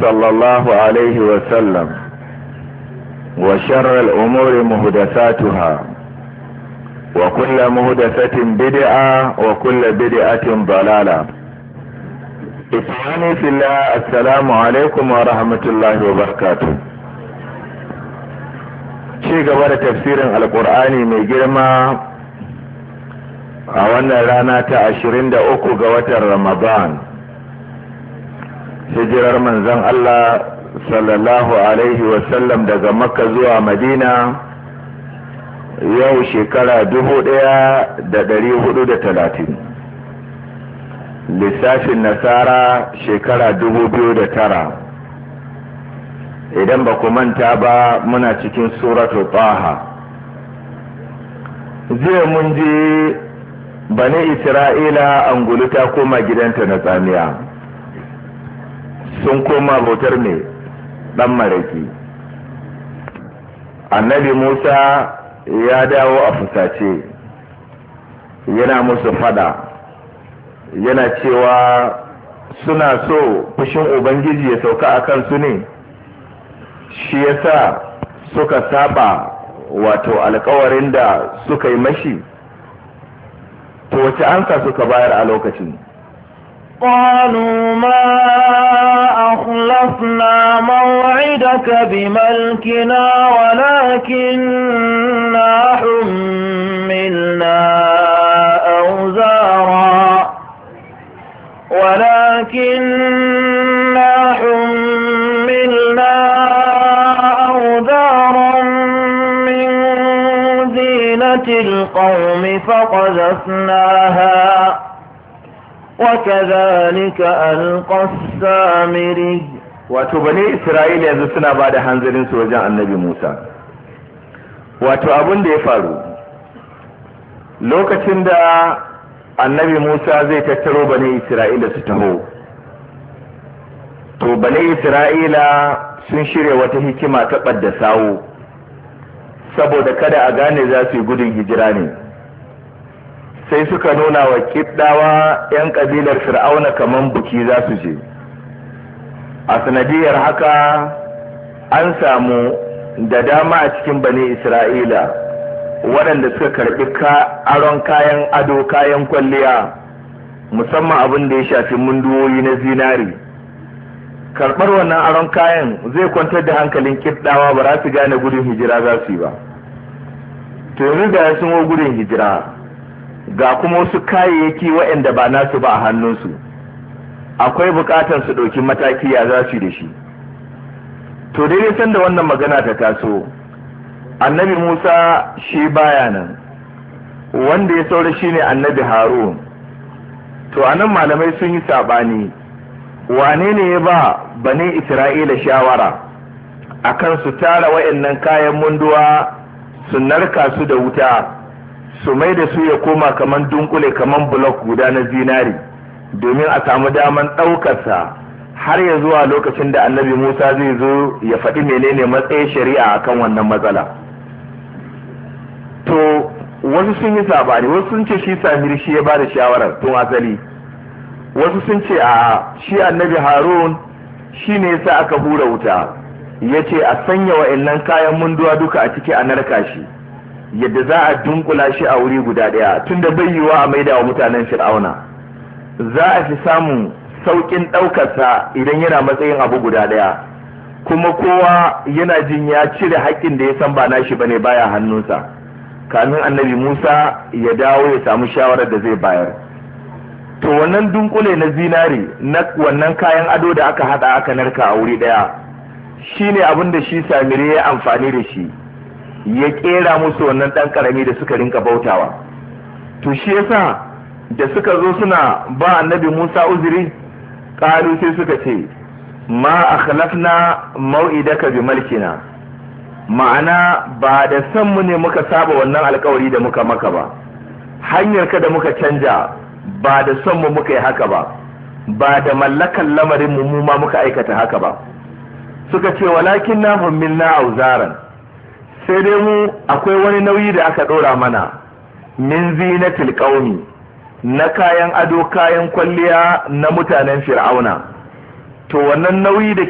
صلى الله عليه وسلم وشر الامور مهدثاتها وكل مهدثة بدعة وكل بدعة ضلالة اتعاني في الله السلام عليكم ورحمة الله وبركاته شيء قبل تفسير القرآن مجرمة أولا رانا تأشرين دا أكو قوة رمضان hijirar manzon Allah sallallahu alaihi wasallam daga makka zuwa madina yau shekara dubu ɗaya da dari hudu da talatin lissafin nasara shekara dubu biyu da tara idan ba ku manta ba muna cikin suratu taha Zai mun ji bani isra'ila angulu ta koma gidanta na tsamiya sun koma bautar ne ɗan maraki annabi musa ya dawo a fusace yana musu fada yana cewa suna so fushin ubangiji ya sauka a kansu ne shi yasa suka saba wato alkawarin da suka yi mashi to wace ansa suka bayar a lokacin ƙwanu ma أخلفنا موعدك بملكنا ولكننا حملنا أوزارا ولكننا حملنا أوزارا من زينة القوم فقذفناها وكذلك ألقى السامري wato bane Isra'ila yanzu suna ba da hanzarin su wajen annabi Musa wato abin da ya faru lokacin da annabi Musa zai tattaro bane Isra'ila su taho to bane Isra'ila sun shirya wata hikima ta ɓadda sawo saboda kada a gane za su yi gudun hijira ne sai suka nuna wa kiddawa 'yan kabilar fir'auna kamar buki za su je a sanadiyar haka an samu da dama a cikin bani isra'ila waɗanda suka karɓi aron kayan ado kayan kwalliya musamman abin da ya shafi munduwoyi na zinari karɓar wannan aron kayan zai kwantar da hankalin kiddawa ba za su gane gudun hijira za su yi ba to yanzu da ya sun gudun hijira ga kuma wasu kayayyaki waɗanda ba nasu ba a hannunsu akwai buƙatar su ɗauki mataki ya za su da shi to dai daidai sanda wannan magana ta taso annabi musa shi baya nan wanda ya saura shi ne annabi harun to a nan malamai sun yi saɓani wane ne ya ba Bani isra'ila shawara akan su tara waɗannan kayan munduwa su narka su da wuta su mai da su ya koma kaman dunkule kamar blok guda na zinari domin a samu daman ɗaukarsa har ya zuwa lokacin da annabi musa zai zo ya faɗi menene matsayin shari'a akan wannan matsala to wasu sun yi sabari wasu sun ce shi samir shi ya ba da shawarar tun asali wasu sun ce a shi annabi harun shi ne yasa aka hura wuta ya ce a sanya wa'annan kayan munduwa duka a ciki a narka shi yadda za a dunkula shi a wuri guda daya tunda bai yiwa a maida wa mutanen fir'auna za a fi samun saukin ɗaukarsa idan yana matsayin abu guda daya kuma kowa yana jin ya cire haƙƙin da ya san ba nashi bane baya hannunsa kamin annabi musa ya dawo ya samu shawarar da zai bayar to wannan dunkule na zinari na wannan kayan ado da aka haɗa aka narka a wuri daya shine abin da shi samire ya amfani da shi ya kera musu wannan dan karami da suka rinka bautawa to shi yasa da suka zo suna ba annabi Musa uzuri kalu sai suka ce ma akhlafna mau'idaka bi malkina ma'ana ba da san mu ne muka saba wannan alkawari da muka maka ba hanyar ka da muka canja ba da san mu muka yi haka ba ba da mallakan lamarin mu ma muka aikata haka ba suka ce walakin na hummin na auzaran sai dai mu akwai wani nauyi da aka ɗora mana min na qaumi na kayan ado kayan kwalliya na mutanen fir'auna to wannan nauyi da